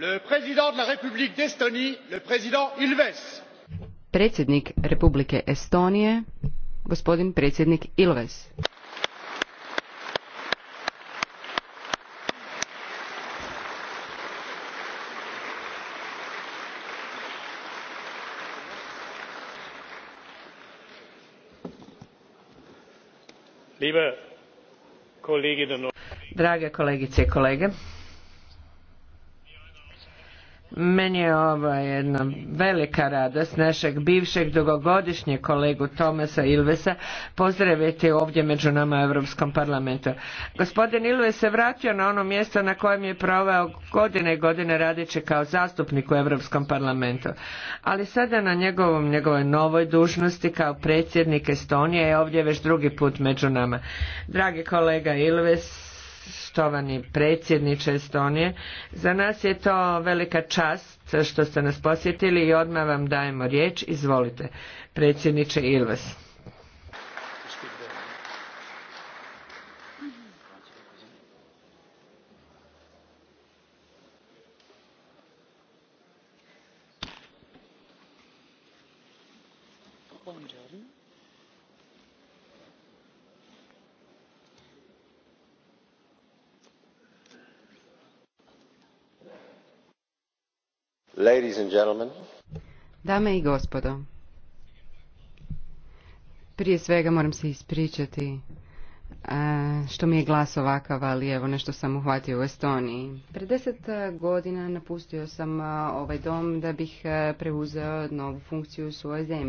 le président de la République d'Estonie, le président Ilves. Predsjednik Republike Estonije, gospodin predsjednik Ilves. Liebe Kolleginnen und Drage kolegice i kolege, meni je ovo jedna velika radost našeg bivšeg dugogodišnjeg kolegu Tomasa Ilvesa pozdraviti ovdje među nama u Europskom parlamentu. Gospodin Ilves se vratio na ono mjesto na kojem je proveo godine i godine radeći kao zastupnik u Europskom parlamentu. Ali sada na njegovom, njegovoj novoj dužnosti kao predsjednik Estonije je ovdje već drugi put među nama. Dragi kolega Ilves, štovani predsjedniče Estonije. Za nas je to velika čast što ste nas posjetili i odmah vam dajemo riječ. Izvolite, predsjedniče Ilves. Dame i gospodo. Prije svega moram se ispričati e, što mi je glas ovakav, ali evo nešto sam uhvatio u Estoniji. Pred deset e, godina napustio sam e, ovaj dom da bih preuzeo novu funkciju u svojoj zemlji.